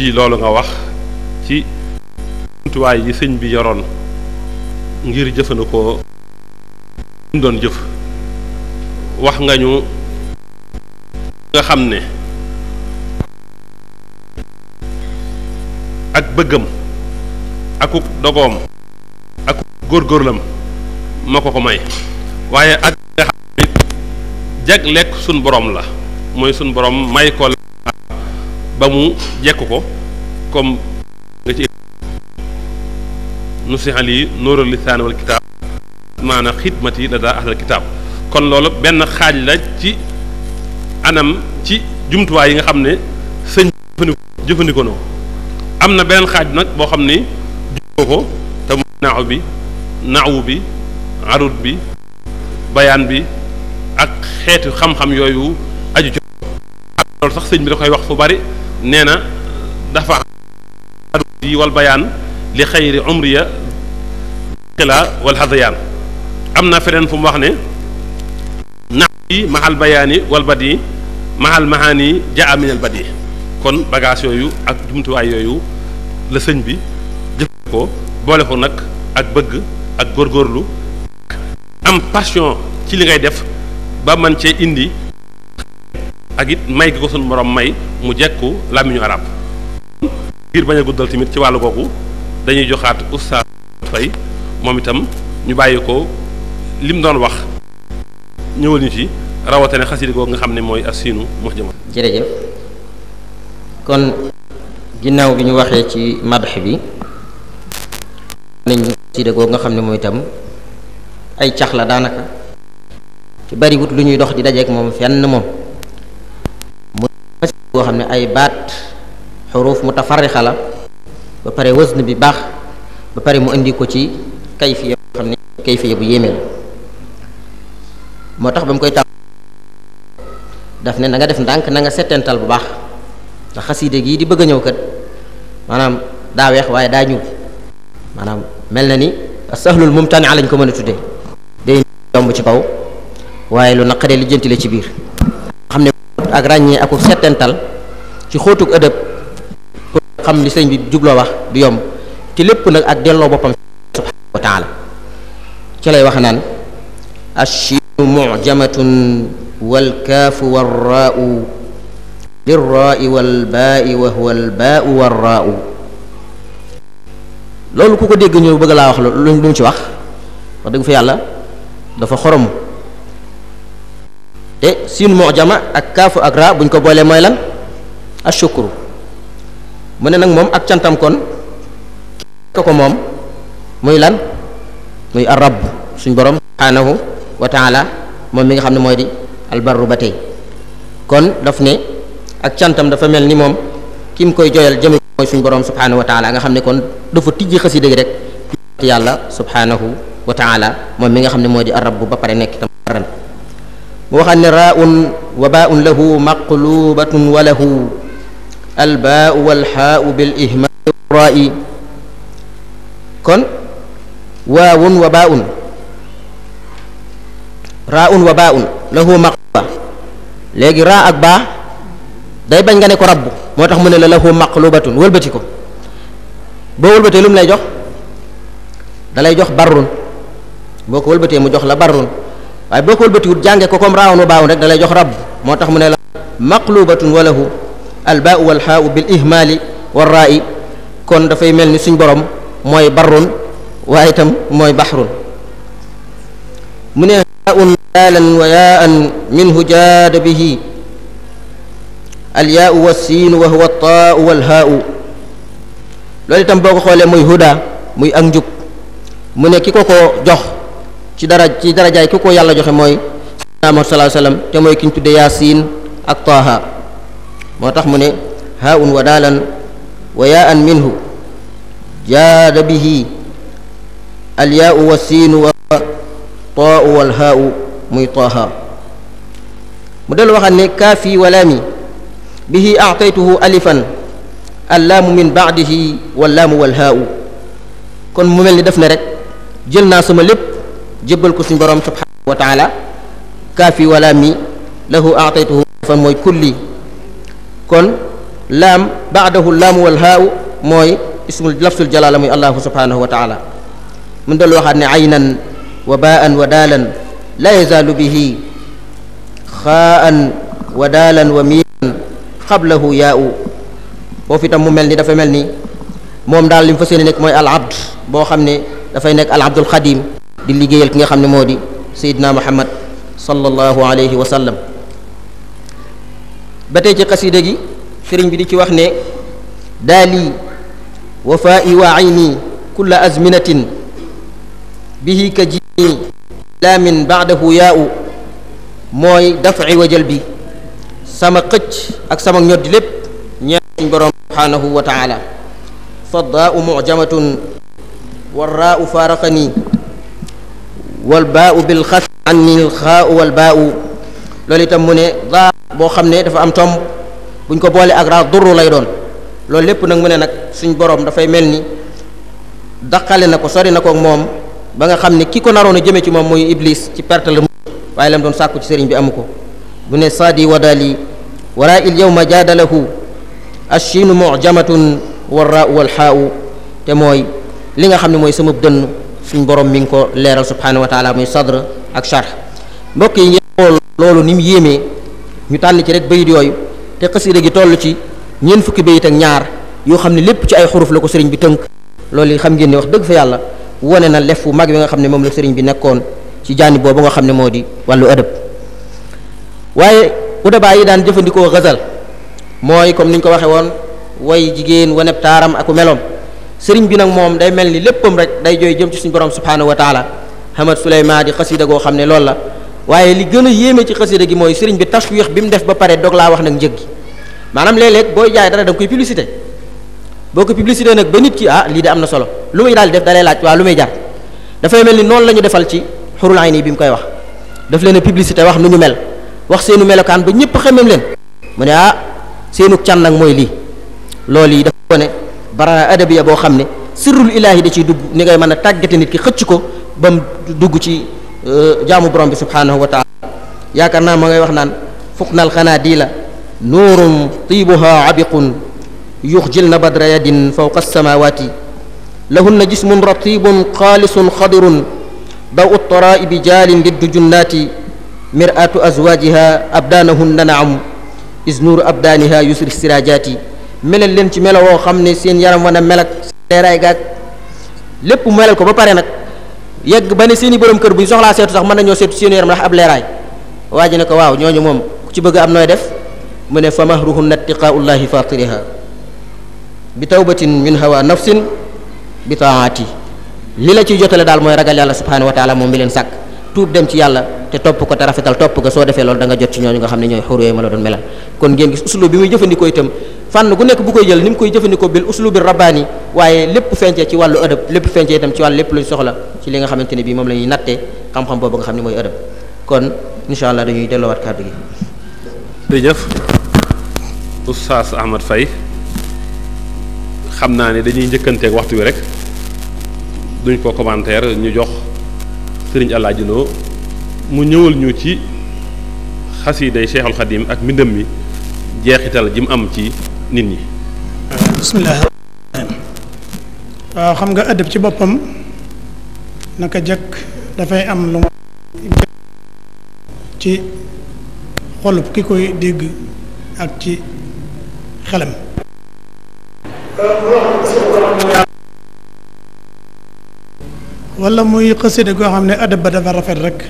ci loolu nga wax ci jumtuwaay yi sëñ bi yoroon ngir jëfandikoo mu doon jëf wax nga ñu nga xam ne ak bëggam akuk dogoom akuk góorgóorlam moo ko ko may waaye ak nga xam ne jag lekk suñ boroom la mooy suñ boroom may ko ba mu jekk ko comme ci nu sixal yi nóoral lisaan wal kitaab maana xidmat yi la daa ahlal kitaab kon loolu benn xaaj la ci anam ci jumtuwaay yi nga xam ne sëñ jëfandikoo am na beneen xaaj nag boo xam ni jëfandikoo ko te mu naaw bi naawu bi bayaan bi ak xeetu xam-xam yooyu aju ci loolu sax sëñ bi da koy wax fu bari nee na dafa yi li xayri umriya xilaa wal hadayaan am na feneen fu mu wax ne nax yi mahal bayaani wal badi mahal mahaani jaa min al kon bagage yooyu ak jumtuwaay yooyu la sëñ bi jëf ko boole ko nag ak bëgg ak góorgóorlu am passion ci li ngay def ba man cee indi ak it may gi ko suñu borom may mu jekku làmmiñu arab ngir bañ a guddal tamit ci wàllu googu dañuy joxaat oustaz fay moom itam ñu bàyyi ko lim doon wax ñëwal ñu ci rawatina xasida googu nga xam ne mooy asinu muhjama jërëjëf kon ginnaaw bi ñu waxee ci madax bi nañ nga xam ne mooy itam ay cax la daanaka ci bariwut lu ñuy dox di dajeek moom fenn moom boo xam ne ay baat xuruuf mutafarixa la ba pare wazn bi baax ba pare mu indi ko ci kayfiya boo xam ne kayfiya bu yéeme la moo tax ba mu koy tàmm daf ne na nga def ndànk nanga nga bu baax ndax xasiide gii di bëgg a ñëw kat maanaam daa weex waaye daa ñuul maanaam mel na ni sahlul mumtani lañ ko mën a tuddee day ci kaw waaye lu naqaree lijjanti la ci biir ak ràññee aku settental ci xóotug ëdëb pour xam li sëñ bi jubloo wax du yomb ci lépp nag ak delloo boppam subhanahu wa ci lay wax naan ashinu mujamatun walkaafu warraau lirraai walbaai loolu ku ko dégg ñu bëgg laa wax lu lu mu ci wax wax dëgg fa yàlla dafa xorom te siin mujama ak kaafu ak raa buñ ko boolee mooy lan ashukru mu ne nag moom ak cantam kon ko ko moom muy lan muy arab suñ borom subhaanahu wa taala moom mi nga xam ne mooy di albarru ba tey kon daf ne ak mel ni moom ki mu koy joyal jëme mooy suñ borom subhaanahu wa taala nga xam ne kon dafa tijji xasida gi rek yàlla subhaanahu wa taala moom mi nga xam ne mooy di arab ba pare nekk tam mu waxaat ne raaun wa baaun lahu maqlubatun wa lahu albaau walxaau bil ihmaali raa'i kon waawun wa baaun raaun wa baaun lahu maqluba léegi raa ak baa day bañ nga ne ko rabbu moo tax mu ne la lahu maqlubatun wëlbati ko boo wëlbatee lu mu lay jox dalay jox barrun boo ko wëlbatee mu jox la barrun waaye boo ko wëlbatiwut jànge ko comme raawoon wa baawoon rek da jox rab moo tax mu ne la maqlubatun walahu albaau walxaau bil wa raa'i kon dafay mel ni suñ borom mooy barrun waaye mooy baxrun mu ne yaun daalan wa yaan minhu jaada bihi alyaau wassiinu wa huwa taau walhaau loolu itam boo ko xoolee muy huda muy ak njub mu ne ki ko ko jox ci dara ci darajaay ki ko yàlla joxe mooy sayyidina Muhammad sallallahu alayhi wasallam te mooy ki tu tudde Yaasiin ak Taaha moo tax mu ne haun wa daalan wa yaan minhu jaada bihi alyaau wa siinu wa taau wal haau muy Taaha mu dellu waxaat ne kaafi walaami bihi aataytuhu alifan allaamu min baadihi wallaamu wal haau kon mu mel ni def na rek jël naa sama lépp jébbal ko suñ borom subhanahu wa taala kaafi wala mi lahu ataytuhu mooy kulli kon laam baadahu laamu wal haaw mooy mun dal waxaat ne aynan wa baan wa daalan laa yazaalu bihi xaan wa daalan wa foofu itam mu mel ni dafa mel ni moom daal li mu fas yéene nekk mooy al abd boo xam ne dafay nekk al abdul xadim di liggéeyal ki nga xam ne moo di sayidna muhammad sallallahu wa sallam ba ci xasida gi sëriñ bi di ci wax ne daali wafaai wa ayni kulla azminatin bihi ka jini laamin baadahu yaau mooy dafi wa jalbi sama xëcc ak sama ñoddi lépp ñaan suñ subhaanahu wa taala faddaau mujamatun warraau faaraqani wal baau bil xas anil xaau wal baau loolu itam mu ne daa boo xam ne dafa am tomb buñ ko boole ak raa durru lay doon loolu lépp nag mu ne nag suñ boroom dafay mel ni daqale na ko sori na ko moom ba nga xam ne ki ko naroon a jëme ci moom mooy iblis ci perte la mu waaye lam doon sàkku ci sëriñ bi amu ko mu ne saadi wadali waraa il yowma jaadalahu ashinu mujamatun warraa walxaau te mooy li nga xam ne mooy sama dënn suñ borom mi ngi ko leeral subhaanahu wa taala muy sadr ak charh mbokk yi ngeen xool loolu ni mu yéemee ñu tànn ci rek bayit yooyu te xasida gi toll ci ñeent fukki bayit ak ñaar yoo xam ne lépp ci ay xuruf la ko sëriñ bi tënk loolu xam ngeen ne wax dëgg fa yàlla wane na lef wu mag bi nga xam ne moom la sëriñ bi nekkoon ci jaani boobu nga xam ne moo di wàllu ëdëb waaye udabaa yi daan jëfandikoo xasal mooy comme ni ñu ko waxee woon way jigéen waneb taaram aku meloom sëriñ bi nag moom day mel ni léppam rek day jooy jëm ci suñu borom subhaanahu wa taala hamad suleyman di xasida goo xam ne loolu la waaye li gën a yéeme ci xasida gi mooy sëriñ bi tashwiix bi mu def ba pare dog laa wax nag njëg gi maanaam léeg-léeg booy jaay dara da nga koy publicité boo ko publicité nag ba nit ki ah lii de am na solo lu muy daal def da laaj waa lu muy jar dafay mel ni noonu la ñu defal ci xurul nii bi mu koy wax daf leen a wax nu ñu mel wax seenu melokaan ba ñëpp xamem leen mu ne ah seenu can nag mooy lii loolu yi dafa ko bara adabiya boo xam ne sirrul ilaahi di ciy dugg ni ngay mën a tàggate nit ki xëcc ko ba mu dugg ci euh, jaamu borom bi subhaanahu wa taala yaakaar naa ma ngay wax naan fuqna alxanaadila nuurum tiibuha abiqun yuxjil na badra yadin fawqa alsamawati lahunna jismun ratibun xaalisun xadirun daw uttaraaibi jaalin liddu junnaati miratu azwajiha abdaanahunna naam is nuuru abdaaniha yusri sirajaati melal leen ci melo woo xam ne seen yaram wana melak leeraay gaag lépp melal ko ba pare nag yegg ba ne seen i borom kër bu ñu soxlaa seetu sax mën nañoo seetu seen yaram ndax ab leeraay waa ji ne ko waaw ñooñu moom ku ci bëgg am nooy def mu ne fa mahruhunna ittiqaullahi fatiriha bi tawbatin min hawa nafsin bi taati li la ciy jotale daal mooy ragal yàlla subhanahu wa taala moom mi leen sàkk tuub dem ci yàlla te topp ko te rafetal topp ko soo defee lool da nga jot ci ñooñu nga xam ne ñooy xur yooyu ma la doon melal kon ngeen gis uslu bi muy jëfandikoo itam fànn gu nekk bu koy jël ni mu koy jëfandikoo bil uslu bi rabbaani waaye lépp fencee ci wàllu ëdëb lépp fencee itam ci wàllu lépp luñ soxla ci li nga xamante ne bii moom la ñuy xam-xam boobu nga xam ne mooy ëdëb kon incha allah dañuy delloowaat kàddu gi jërëjëf oustaz Ahmad xam naa ne dañuy njëkkanteeg waxtu wi rek duñ ko commentaire ñu jox sëriñ Alaaji Lo mu ñëwal ñu ci xasiiday Cheikhul Xadim ak mbindam mi jeexital ji mu am ci nit ñi bismillah waaw xam nga ëddëb ci boppam naka jëkk dafay am lu ci xolub ki koy dégg ak ci xelam wala muy xasida goo xam ne ëddëb ba dafa rafet rekk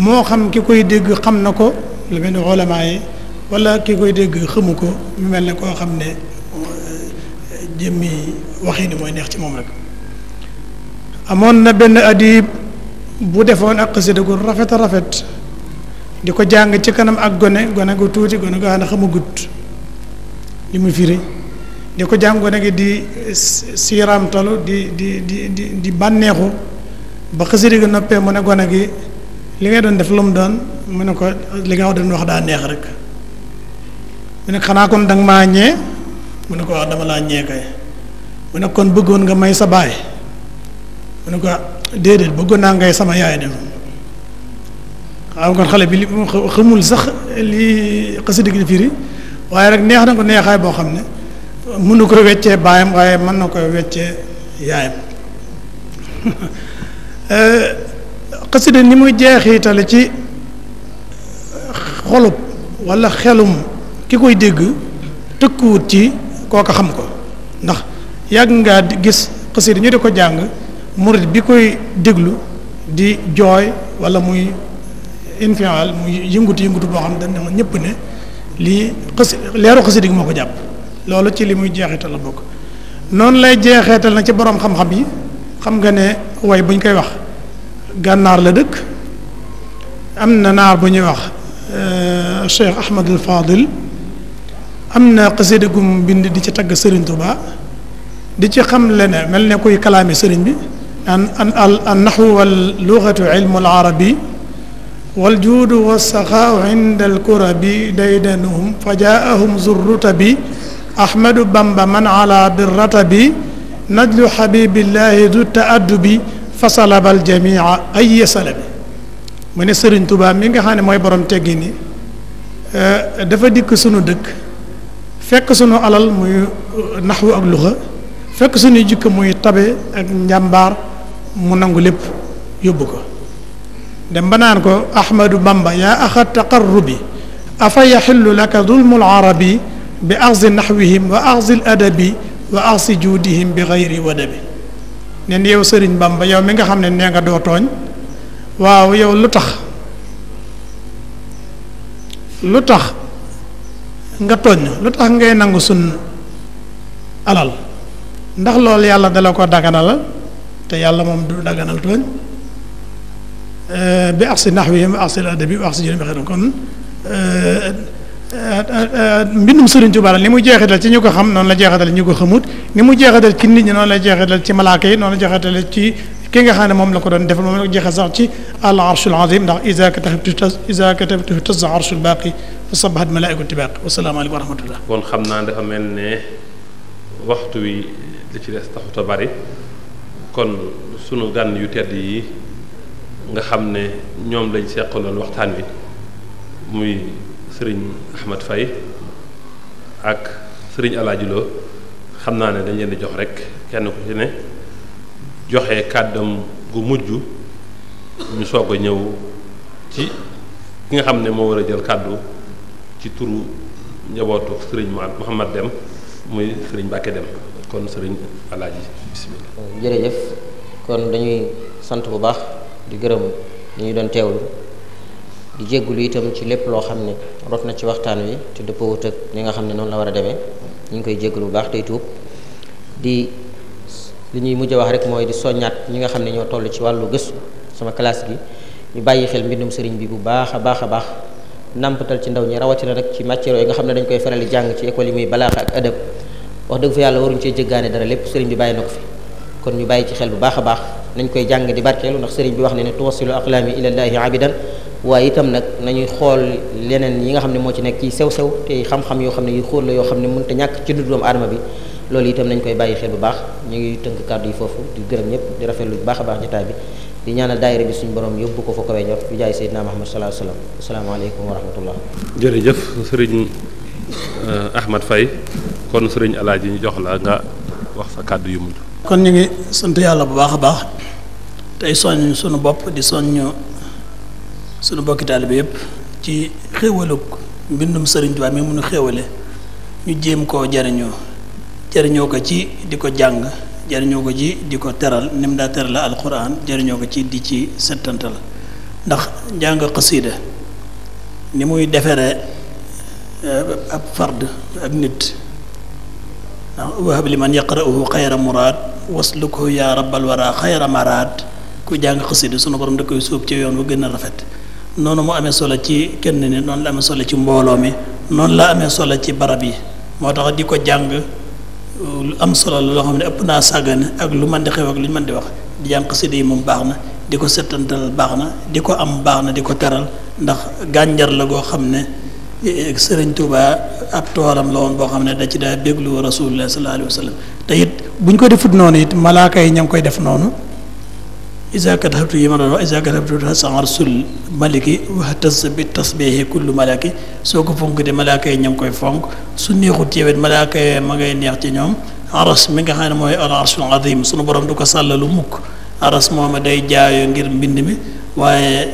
moo xam ki koy dégg xam na ko lu mel ni xoolamant yi wala ki koy dégg xëmu ko mu mel ne koo xam ne euh, jëmmi waxi ni mooy neex ci moom rek amoon na benn adib bu defoon ak xasida gu rafet a rafet di ko jàng ci kanam ak gone gone gu tuuti gone gu xam ne xamagut li mu firi di ko jàng gone gi di euh, siiramtalu di di di di di bànneexu ba xasida gi noppee mu ne gone gi li ngay doon def lu mu doon mu ne ko li nga doon wax daa neex rek mu ne xanaa kon danga maa ñee mu ne ko wax dama laa ñee mu ne kon bëggoon nga may sa baay mu ne ko ah, déedéet bëggoon naa ngay sama yaay dem xam kon xale bi li xamul sax li xasida gi firi waaye rek neex na ko neexaay boo xam ne mën na koy weccee baayam waaye mën na koy weccee yaayam eh, xasida ni muy jeexitale ci xolub walla xelum ki koy dégg tëkkuwut ci kooka xam ko ndax yàgg ngaa gis xasida ñu di ko jàng murit bi koy déglu di jooy wala muy infial muy yëngutu yëngutu boo xam dañ ne ñëpp ne lii xasi leeru xasida gi moo ko jàpp loolu ci li muy jeexital la bokk noonu lay jeexeetal na ci boroom xam-xam yi xam nga ne way buñ koy wax gànnaar la dëkk am na naar bu ñuy wax euh, Cheikh Ahmadul Fadil am na xasida gum bind di ci tagg Serigne Touba di ci xam le ne mel ne kuy kalaame Serigne bi an an an naxwu wal lugatu ilmu al arabi wal juudu wassaxaau inda al kurabi daydanuhum fajaahum zurrutabi ahmadu bamba man ala birratabi najlu habibillahi du taaddubi fa salaba al jamia ay salabi mu ne sëriñ tubaa mi nga xam ne mooy borom teggi eh, dafa dikk sunu dëkk fekk sunu alal muy eh, naxwu ak luxa fekk suñu jikko muy tabe ak njàmbaar mu nangu lépp yóbbu ko dem ba naan ko ahmadu bamba yaa axa taqarrubi afa yaxillu laka dulmu larabi bi axzi naxwihim wa axzi l adabi wa axzi juudihim bi xayri wadabi ne ni yow sëriñ ba yow mi nga xam ne nee nga doo tooñ waaw yow lu tax lu tax nga tooñ lu tax ngay nangu sun alal ndax loolu yàlla dala ko daganal te yàlla moom du daganal tooñ eh, bi ak nax wi bi ak si adabi bi ak si jënd bi kon eh, mbindum Sëriñ Tuubaa li mu jeexital ci ñu ko xam noonu la jeexital ñu ko xamut ni mu jeexital ci nit ñi noonu la jeexital ci malaaka yi noonu la jeexital ci ki nga xam ne moom la ko doon defal moom la ko jeexal sax ci al arshul azim ndax isa katabtu isa katabtu tazza arshul baaqi fa sabahat malaikatu baaqi wasalaamaaleykum wa rahmatullah kon xam naa dafa mel ne waxtu wi li ci des taxut a bari kon sunu gan yu tedd yi nga xam ne ñoom lañ seqaloon waxtaan wi muy sëriñ Ahmad fay ak sëriñ Alaaji Lo xam naa ne dañ leen di jox rek kenn ku ci ne joxe kàddam gu mujj ñu soog a ñëw ci ki nga xam ne moo war a jël kàddu ci turu njabootu sëriñ Mouhamad Dem muy sëriñ Mbàkke Dem kon sëriñ Alaaji bisimilah. jërëjëf kon dañuy sant bu baax di gërëm ñu doon teewlu. di jéggulu itam ci lépp loo xam ne rot na ci waxtaan wi te dëppoowut ak li nga xam ne noonu la war a demee ñu ngi koy jéggulu bu baax tey tuub di li ñuy mujj wax rek mooy di soññaat ñi nga xam ne ñoo toll ci wàllu gëstu sama classe gi ñu bàyyi xel mbindum sëriñ bi bu baax a baax a baax nampatal ci ndaw ñi rawatina nag ci matière yi nga xam ne dañ koy faral di jàng ci école yi muy balaaxa ak adab wax dëgg fa yàlla waruñ cee jéggaane dara lépp sëriñ bi bàyyi na ko fi kon ñu bàyyi xel bu baax a baax nañ koy jàng di barkeelu wax waaye itam nag nañuy xool leneen yi nga xam ne moo ci nekk ci sew sew te xam-xam yoo xam ne yu xóot la yoo xam ne mun te ñàkk ci dundu doomu aadama bi loolu itam nañ koy bàyyi xel bu baax ñu ngi tënk kàddu yi foofu di gërëm ñëpp di rafetlu lu baax a baax jotaay bi di ñaanal daayira bi suñu borom yóbbu ko fa ko weñor bi jaay Seydina Muhammad sallallahu alayhi wasallam asalaamaaleykum wa rahmatullah jërëjëf sëriñ eh, Ahmad fay kon sëriñ Alaaji ñu jox la nga wax sa kàddu yu mujj yàlla bu baax a baax tey soññ suñu bopp di soññ sunu bokki bi yépp ci xéewalug mbindum Sëriñ Tuubaa mi mënu xéewale ñu jéem koo jariñoo jariñoo ko ci di ko jàng jariñoo ko ci di ko teral ni mu la alquran jariñoo ko ci di ci settantal ndax njàng xasiida ni muy defaree eh, ab fard ak nit wahab li man yaqra'uhu xayra muraad waslukhu yaa rabbal waraa xayra maraad ku jàng xasida sunu borom da koy sóob ci yoon wa gën a rafet noonu mu amee solo ci kenn ni noonu la amee solo ci mbooloo mi noonu la amee solo ci barab yi moo tax di ko jàng lu am solo la loo xam ne ëpp naa sàggane ak lu mën di xew ak lu ñu mën di wax di jàng xasida yi moom baax na di ko settantal baax na di ko am baax na di ko teral ndax gànjar la goo xam ne eh, sëriñ Tuuba ab toolam la woon boo xam ne da ci daa déglu rasulullah sallallahu alayhi wa sallam te it bu ñu ko defut noonu it malaaka yi ña ngi koy def noonu isa katabtu yi ma doon wax isa katabtu sanarsul maliki wax tas bi soo ko fonk de malaaka yi ña ngi koy fonk su neexut yewet malaaka yi ma ngay neex ci ñoom aras mi ne mooy al arshul borom du ko sàllalu mukk aras moom day jaayoo ngir mbind mi waaye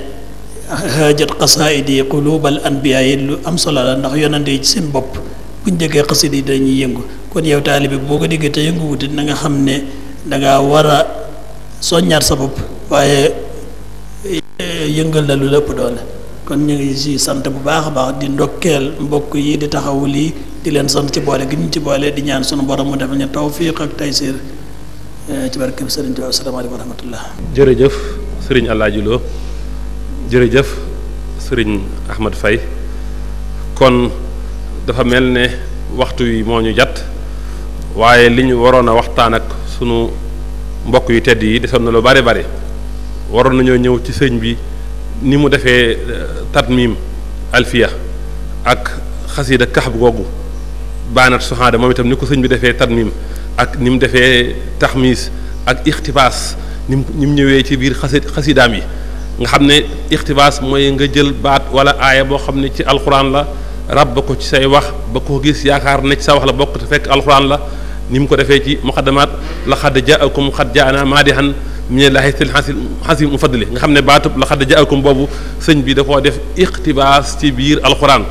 hajat qasaidi qulubal anbiya yi lu am solo la ndax yonante yi ci seen bopp buñ déggee xasid yi ko nga xam ne dangaa war soññaat sa bopp waaye eh, yëngal la lu lépp doole kon ñu ngi ci sant bu baax a baax di ndokkeel mbokk yi di taxawu lii di leen sant ci boole gi ñu ci boole di ñaan sunu borom mu defal ñu tawfiq ak taysiir eh, ci barkeem sëriñ Tuubaa asalaamaaleykum wa rahmatullah. jërëjëf sëriñ Alaaji jërëjëf sëriñ Ahmad Faye kon dafa mel ne waxtu wi moo ñu jàtt waaye li ñu waroon a waxtaan ak sunu. mbokk yu tedd yi desoon na lu bare bare waroon nañoo ñëw ci sëñ bi ni mu defee euh, tatmim alfiya ak xasida kaxab googu baanat soxaada moom itam ni ko sëñ bi defee tatmim ak ni mu defee taxmiis ak ixtibaas ni mu ni ñëwee ci biir xasi xasidaam yi nga xam ne ixtibaas mooy nga jël baat wala aaya boo xam ne ci alxuraan la ràbb ko ci say wax ba ko gis yaakaar ne ci sa wax la bokk te fekk alxuraan la ni mu ko defee ci muqaddamaat la xadd jaakum xad jaana maadihan minallaahi silhasil hasim mu faddali nga xam ne baatub la xadd jaakum boobu sëñ bi da koo def iqtibaas ci biir alquran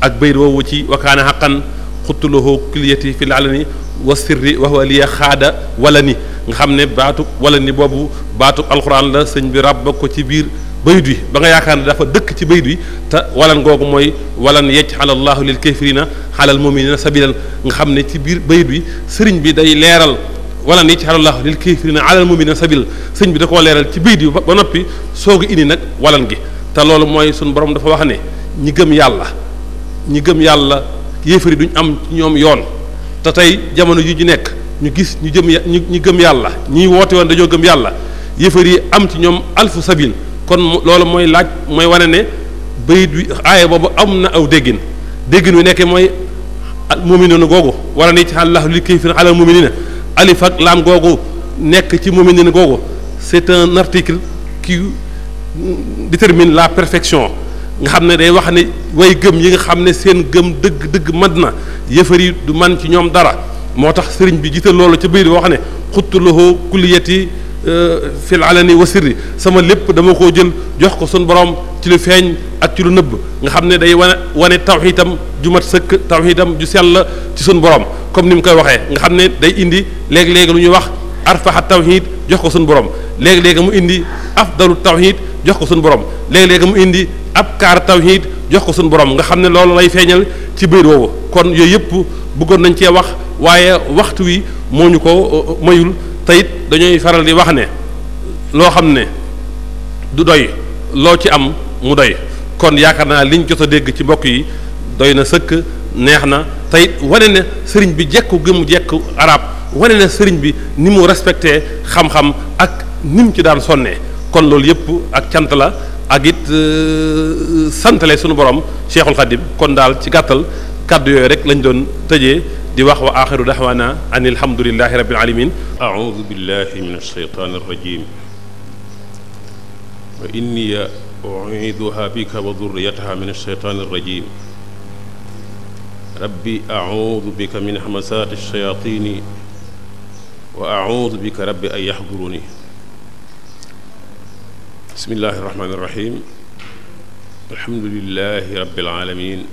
ak bayt woowu ci wakaane xaqan xuttulahoo kuliyati fi laalani wa sirri wa huwa xaada wala ni nga xam ne baatub wala ni boobu baatub alquran la sëñ bi ràbb ko ci biir bayit wi ba nga yaakaar ne dafa dëkk ci bayit wi te walan googu mooy walan yaj'al allahu lil kafirina alal muminina sabilan nga xam ne ci biir bayit wi sëriñ bi day leeral walan yaj'al allahu lil kafirina alal muminina sabilan sëriñ bi da koo leeral ci bayit wi ba noppi soog a indi nag walan gi te loolu mooy suñu borom dafa wax ne ñi gëm yàlla ñi gëm yàlla yéefari duñ am ci ñoom yoon te tey jamono yu ñu nekk ñu gis ñu jëm ñu gëm yàlla ñiy woote woon dañoo gëm yàlla yéefar yi am ci ñoom alfu sabil kon loolu mooy laaj mooy wane ne bayit wi aaya boobu am na aw déggin déggin wi nekkee mooy al muminina googu wala ni ci àllah li kay fi na alal muminina alif laam googu nekk ci muminina googu c'est un article qui détermine la perfection nga xam ne day wax ne way gëm yi nga xam ne seen gëm dëgg dëgg mat na yëfar yi du man ci ñoom dara moo tax sëriñ bi jiital loolu ca bayit boo xam ne xuttulohoo kulliyati Euh, fil alani wa sirri sama lépp dama koo jël jox ko sun borom ci lu feeñ ak ci lu nëbb nga xam ne day wane wane tawxiitam ju mat sëkk tawxiitam ju sell ci suñ borom comme ni mu koy waxee nga xam ne day indi léegi-léegi lu ñuy wax arfaxa tawxiid jox ko sun borom léegi-léegi mu indi afdalu tawxiid jox ko sun borom léegi-léegi indi ab kaar tawxiid jox ko sun borom nga xam ne loolu lay feeñal ci biir woowu kon yooyu yëpp bëggoon nañ cee wax waaye waxtu wi moo ñu ko mayul te it dañuy faral di wax ne loo xam ne du doy loo ci am mu doy kon yaakaar naa liñ jot a dégg ci mbokk yi doy na sëkk neex na te wane na sëriñ bi jekku gi mu jekku arab wane na sëriñ bi ni mu respecté xam-xam ak ni mu ci daan sonnee kon loolu yëpp ak cant la ak it euh, santale sunu borom Cheikhul Khadim kon daal ci gàttal kàddu yooyu rek lañ doon tëjee di wax wa axiru daxwaana an alhamdulilahi rabbil alamin audu billahi min alsheytaan alrajim wa inni uiduha bika wa durriyataha min alsheytaan alrajim rabbi audu bika min hamasaati alshayatini wa audu bika rabbi an yaxduruni bismillahi arrahmani arrahim alhamdulilahi rabbil alamin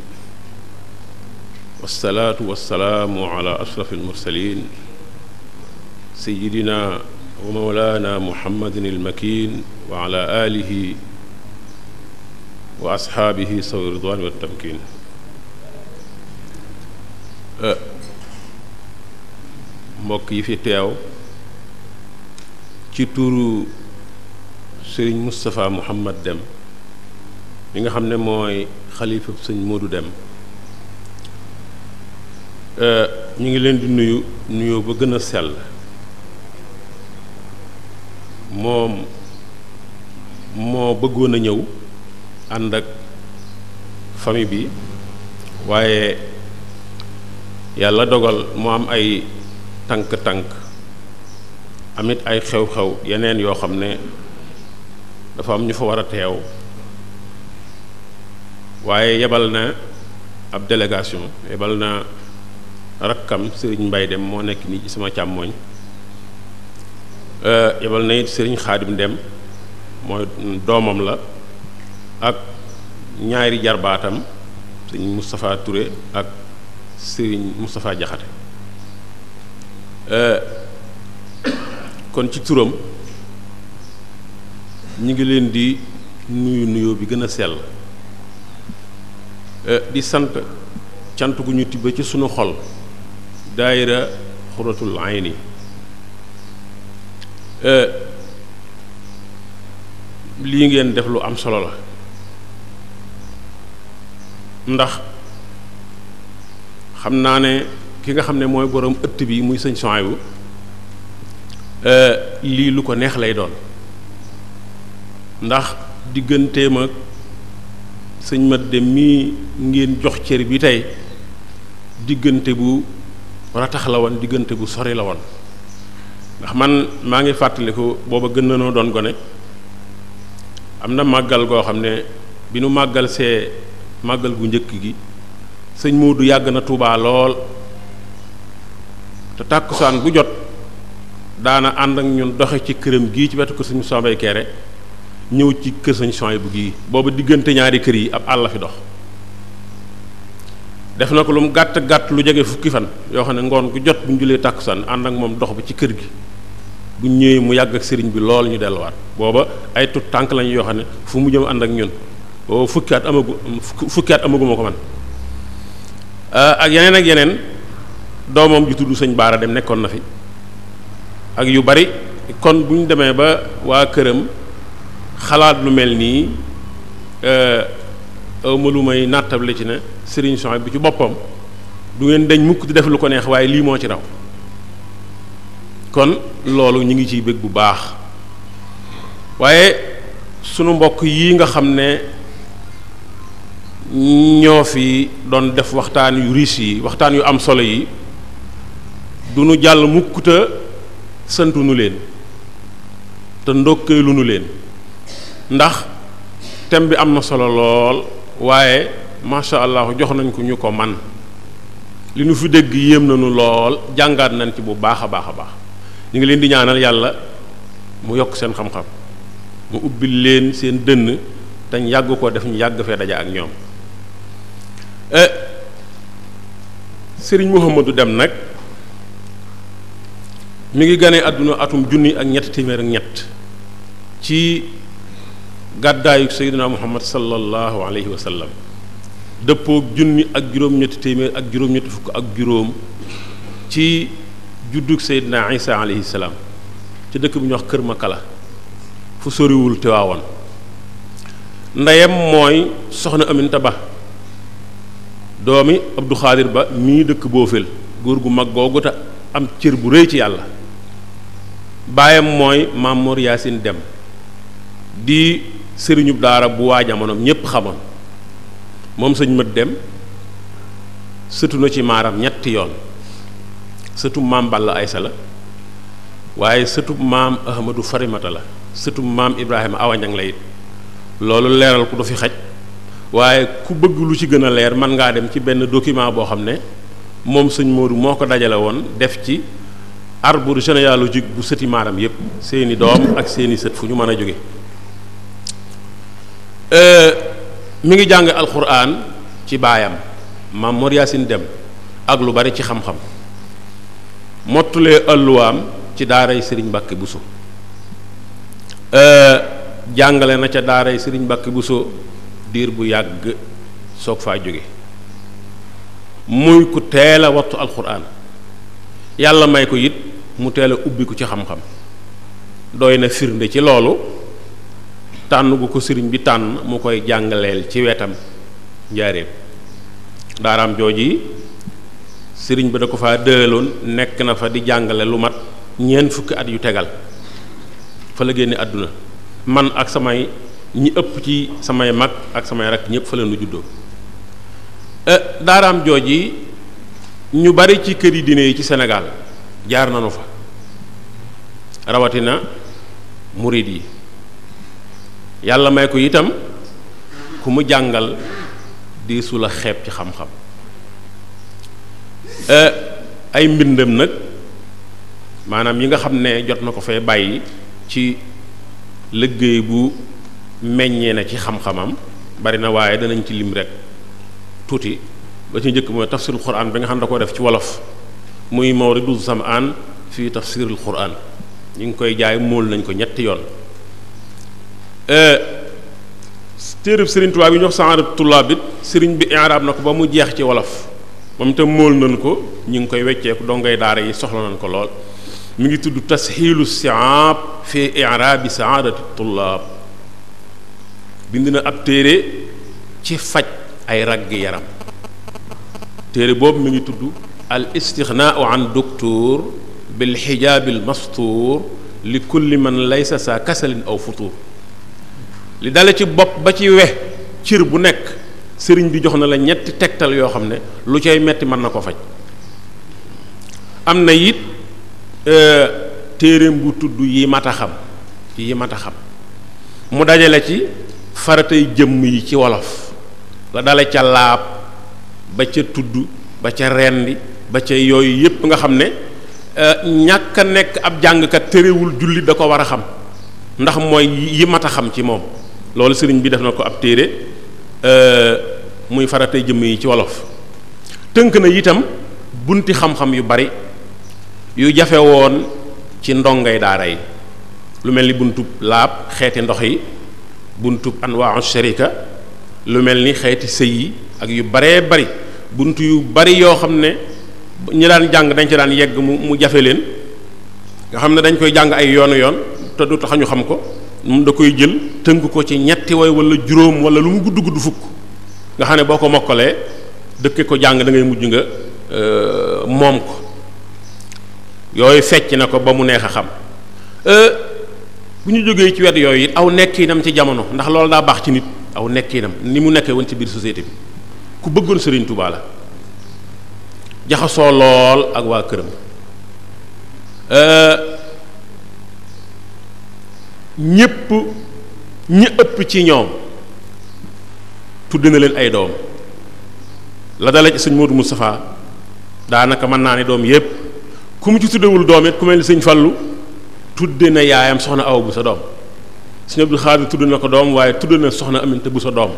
wasalaatu wasalaamu ala ashraf almursalin sayidina wa mawlana muhammadin almakin wa ala alihi wa ashaabihi sawi ridwaan wa tamkin eh, mbokk yi fi teew ci tuuru sëriñ Moustapha Mouhamad Deme mi nga xam ne mooy xalifa sëñ Modou Deme Euh, ñu ngi leen di nuyu nuyoo ba gën a sel moom moo bëggoon a ñëw ànd ak famille bi waaye yàlla dogal mu am ay tànk-tànk amit ay xew-xew yeneen yoo xam ne dafa am ñu fa war a teew waaye yebal na ab délégation yebal na rakkam sëriñ mbay dem moo nekk nii ci sama càmmooñ euh, yebal na it sëriñ xaadim dem mooy doomam la ak ñaari jarbaatam sëriñ Moustapha Touré ak sëriñ Moustapha Jaxate euh, kon ci turam ñu ngi leen di nuyu nuyoo bi gën a sell euh, di sant cant gu ñu tibb ci sunu xol daayira xuratul ayni lii ngeen def lu am solo la ndax xam naa ne ki nga xam ne mooy boroom ëtt bi muy sëñ Sohaybu lii lu ko neex lay doon ndax digganteem ak sëñ Mat Dem mii ngeen jox cër bi tey diggante bu war a tax la woon diggante bu sori la woon ndax man maa ngi fàttaliku booba gën na noo doon gone am na màggal goo xam ne bi nu màggal see màggal gu njëkk gi sëñ Moodu yàgg na Tuubaa lool te tàkkusaan bu jot daana ànd ak ñun doxe ci këram gii ci wetu kër sëñ Sambay Kéré ñëw ci kër sëñ Soy bu gii booba diggante ñaari kër yi ab àll fi dox def na ko lu mu gàtt gàtt lu jege fukki fan yoo xam ne ngoon gu jot bu ñu julee tàkkusaan ànd ak moom dox ba ci kër gi bu ñëwee mu yàgg ak sëriñ bi lool ñu delluwaat booba ay tut tànk lañ yoo xam ne fu mu jëm ànd ak ñun booba fukki at amagu ko man euh, ak yeneen ak yeneen doomam ju tudd sëñ Baara dem nekkoon na fi ak yu bari kon bu ñu demee ba waa këram xalaat lu mel nii. Euh, awma lu may nattable ci ne Serigne bi ci boppam du ngeen dañ mukk def lu ko neex waaye lii moo ci raw kon loolu ñu ngi ciy bég bu baax waaye sunu mbokk yi nga xam ne ñoo fi doon def waxtaan yu riis yi waxtaan yu am solo yi du nu jàll mukk sëntunu leen te ndokkeelu nu leen ndax thème bi am na solo lool waaye macha allah jox nañ ko ñu ko man li nu fi dégg yéem nañu lool jàngaat nañ ci bu baax a baax a baax ñu ngi leen di ñaanal yàlla mu yokk seen xam-xam mu ubbi leen seen dënn te yàgg ko def ñu yàgg fee daja ak ñoom eh, sëriñ Mouhamadou Dem nag mu ngi gane àdduna atum junni ak ñett téeméer ak ñett ci gàddaayu sayyidina muhammad sallallahu alayhi wa sallam dëppoog junni ak juróom-ñetti téeméer ak juróom-ñetti fukk ak juróom ci juddug sayyidina isa alayhi salaam ci dëkk bi ñuy wax kër Makala fu soriwul Tiwaawoon ndeyam mooy soxna Aminta Ba doomi Abdu Xaadir Ba mii dëkk Boofel góor gu mag googu te am cër bu réy ci yàlla baayam mooy Mamoor Yaasin Dem di sëriñub daara bu waa jamonoom ñépp xamoon moom sëñ mët dem sëtuna ci maaram ñetti yoon sëtu maam Balla Aysa la waaye sëtu maam Ahmadou Farimata la sëtu maam Ibrahima awañang la it loolu leeral ku du fi xaj waaye ku bëgg lu ci gën a leer man ngaa dem ci benn document boo xam ne moom sëñ Modou moo ko dajale woon def ci arbre généalogique bu sëti maaram yépp seeni doom ak seeni sët fu ñu mën a jóge Euh, mi ngi jàng alxuraan ci baayam maam Mor dem ak lu bari ci xam-xam mottulee ëlluwaam ci daaray sëriñ Mbàkke Buso euh, jàngale na ca daaray sëriñ Mbàkke Buso diir bu yàgg soog faa jóge muy ku teel wattu alxuraan yàlla may ko it mu teel a ci xam-xam doy na firnde ci loolu tànn gu ko sëriñ bi tànn mu koy jàngaleel ci wetam njaareem daaraam jooji sëriñ bi da ko fa dëloon nekk na fa di jàngale lu mat ñeent fukki at yu tegal fa la génne àdduna man ak samay ñi ëpp ci samay mag ak samay rakk ñëpp fa la nu juddoo eh, daaraam jooji ñu bari ci kër yi diine yi ci senegaal jaar nañu fa rawatina muriit yi yàlla may ko itam ku mu jàngal di su ci xam-xam euh, ay mbindam nag maanaam yi nga xam ne jot na ko fay bàyyi ci liggéey bu meññee na ci xam-xamam bari na waaye danañ ci lim rek tuuti ba ci njëkk mooy tafsirul quran bi nga xam da koo def ci wolof muy mawridu samaan fii tafsirul quran ñu ngi koy jaay mool nañ ko ñetti yoon Euh, téere Serigne Touba bi ñu wax Sa'aadatu Tullaab it Serigne bi i'raab na ko ba mu jeex ci wolof moom itam mool nañ ko ñu ngi koy wecceeku dongay daara yi soxla nañ ko lool mi ngi tudd tasxiilu si'aab fi i'raabi Sa'aadatu Tullaab bind na ab téere ci faj ay ragg yaram téere boobu mu ngi tudd al istixnaau an doktoor bil xijaabil mastuur li kulli man laysa saa kasalin aw futuur li dale ci bopp ba ci we cir bu nekk sëriñ bi jox na la ñetti tegtal yoo xam ne lu cay metti mën na ko faj am na it euh, téereem bu tudd yi mat a xam yi mat a xam mu dajale ci faratay jëmm yi ci wolof la dale ca laab ba ca tudd ba ca rendi ba ca yooyu yépp nga xam ne euh, ñàkk a nekk ab jàngkat terewul julli da ko war a xam ndax mooy yi mat a xam ci moom loolu sëriñ bi def na ko ab téere euh, muy farata jëmm yi ci wolof tënk na itam bunti xam-xam yu bari yu jafe woon ci ndongay daara yi lu mel ni buntub laab xeeti ndox yi buntub anwa'u sharika lu mel ni xeeti sëy yi ak yu baree bari bunt yu bari yoo xam ne ñi daan jàng dañ ci daan yegg mu mu jafe leen nga xam ne dañ koy jàng ay yoonu yoon te du tax xam ko moom da koy jël tënk ko ci ñetti way walla juróom wala lu mu gudd gudd fukk nga xam ne boo ko mokkalee dëkke ko jàng da mujj nga euh, moom ko yooyu fecc na ko ba mu neex a xam euh, bu ñu jógee ci wet yooyu it aw nekkinam ci jamono ndax loolu daa baax ci nit aw nekkinam ni mu nekkee woon ci biir société bi ku bëggoon sëriñ Touba jaxasoo lool ak waa këram. Euh, ñépp ñi ëpp ci ñoom tudd na leen ay doom la dala ci sëñ Modou Moustapha daanaka mën naa ne doom yépp ku mu ci tuddewul doom it ku mel ni sëñ Fallu tudde na yaayam soxna aw bu sa doom sëñ Abdou Xaadir tudd na ko doom waaye tudd na soxna Aminta bu sa doom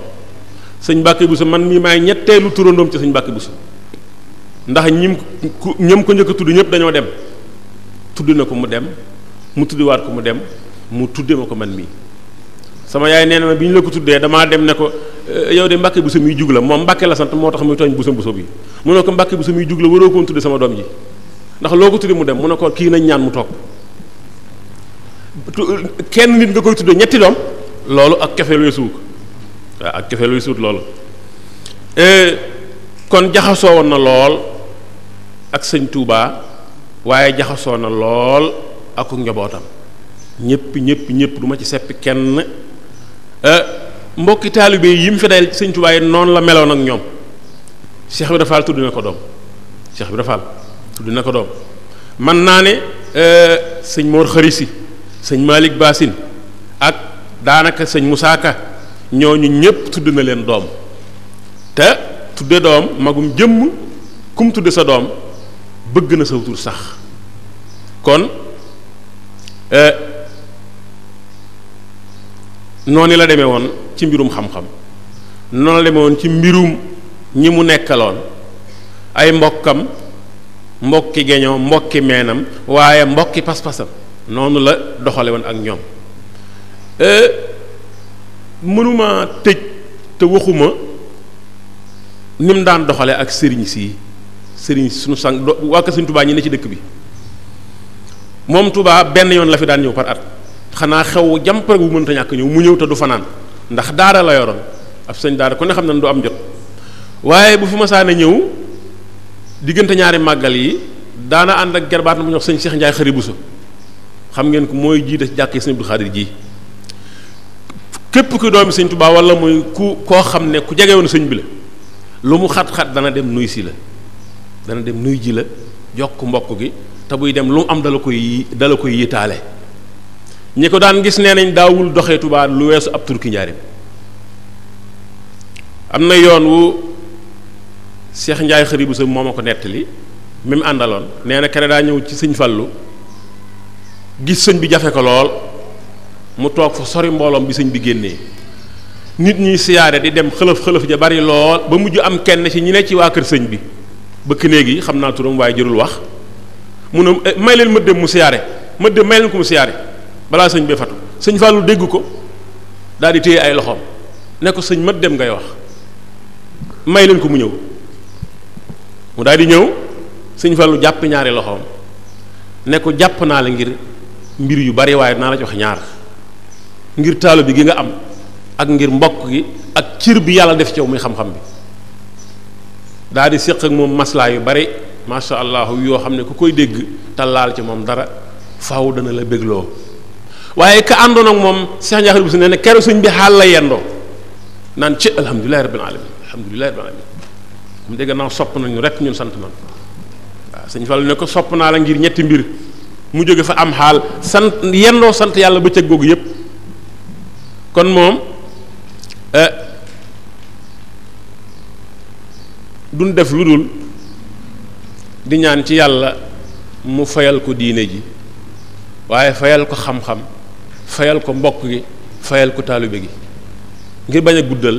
sëñ Mbàkke bu sa man mii maay ñetteelu turandoom ci sëñ Mbàkke bu sa ndax ñim ku ñam ko njëkk tudd ñëpp dañoo dem tudd na ko mu dem mu tuddiwaat ko mu dem mu tudde ma ko man mii sama yaay nee na ma bi ñu la ko tuddee damaa dem ne ko eh, yow de mbàkke bu sa muy jug la moom mbàkke la sant moo tax muy tooñ bu sa buso bi mu ne ko mbàkke bu sa muy jug la waroo doom ji ndax loo ko mu dem mu ne ko kii nañ ñaan mu toog kenn nit tudde ñetti doom loolu ak kefe luy suut ak kefe luy suut loolu eh, kon jaxasoo woon na lool ak sëñ Touba waaye jaxasoo na lool ak njabootam ñëpp ñëpp ñëpp duma ci seppi kenn eh, mbokki taalibe yi mu fi dayal ci sëñ Tuubaa yi noonu la meloon ak ñoom Cheikh Ibra Fall tudd na ko doom Cheikh bi Fall tudd na ko doom man naa ne eh, sëñ Mor Xarisi sëñ Malick baasin ak daanaka sëñ Moussa Ka ñu ñëpp tudd na leen doom te tudde doom magum jëmm kum tudde sa doom bëgg na sa wutul sax kon. Eh, noonu la demee woon ci mbirum xam-xam noonu la demee woon ci mbirum ñi mu nekkaloon ay mbokkam mbokki geñoo mbokki meenam waaye mbokki pas-pasam noonu la doxale woon ak ñoom euh, mënuma tëj te waxuma ni daan doxale ak sëriñ si sëriñ sunu sang waa ka sëriñ ñi ne ci dëkk bi moom Touba benn yoon la fi daan ñëw par at xanaa xew jàmpare bu mënta ñàkk ñëw mu ñëw te du fanaan ndax daara la yoroon ab sëñ daara ko ne xam na du am jot waaye bu fi masaane ñëw diggante ñaari màggal yi daana ànd ak gerbaat na mu ñox sëñ Cheikh Ndiaye xëri bu sa xam ngeen ko mooy jiite jàkk yi sëñ Abdou ji képp ku doomi sëñ Touba wala ku koo xam ne ku jege sëñ bi la lu mu xat-xat dana dem nuyu si la dana dem nuyu ji la jokk mbokk gi te buy dem lu mu am dala koy dala koy yitaale ñi ko daan gis nee nañ daawul doxee tubaab lu weesu ab turki njaarim am na yoon wu Cheikh Ndiaye xëri bu sa moom ako nettali mi àndaloon nee na kere daa ñëw ci sëñ Fallu gis sëñ bi jafe ko lool mu toog fa sori mbooloom bi sëñ bi génnee nit ñuy siyaare di dem xëlëf xëlëf ja bari lool ba mujj am kenn ci ñi ne ci waa kër sëñ bi bëkk néeg yi xam naa turam waaye jërul wax mun ne eh, may leen ma dem mu siyaare ma dem may leen ko mu siyaare balaa sëñ bee fatu sëñ Fallou dégg ko daal di ay loxoom ne ko sëñ mat dem ngay wax may leen ko mu ñëw mu daal ñëw sëñ Fallou jàpp ñaari loxoom ne ko jàpp naa la ngir mbir yu bari waaye naa la jox ñaar ngir taalu bi gi nga am ak ngir mbokk gi ak cir bi yàlla def ci yow muy xam-xam bi daal séq ak moom maslaa yu bari macha allah yoo xam ne ku koy dégg te ci moom dara faaw dana la bégloo waaye ka àndoon ak moom Cheikh Ndiakhate Bousso nee ne keroog suñ bi xaal la yendoo naan ci alhamdulilah rabbil alamin alhamdulilah rabbil alamin mu dégg naa sopp nañu rek ñun sant nañu waaw sëñ Fall ne ko sopp naa la ngir ñetti mbir mu jóge fa am xaal sant yendoo sant yàlla bëccëg googu yépp kon moom eh, duñ def lu dul di ñaan ci yàlla mu fayal ko diine ji waaye fayal ko xam-xam fayal ko mbokk gi fayal ko taalibe gi ngir bañ a guddal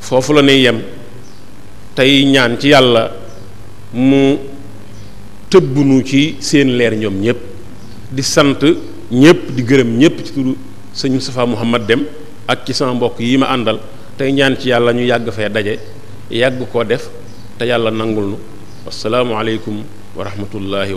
foofu la nuy yem tey ñaan ci yàlla mu tëbbunu ci seen leer ñoom ñëpp di sant ñëpp di gërëm ñëpp ci turu sëñ Moustapha Mouhamad Dem ak ci sama mbokk yi ma àndal tey ñaan ci yàlla ñu yàgg fee daje yàgg koo def te yàlla nangul nu assalaamu aleykum wa rahmatullahi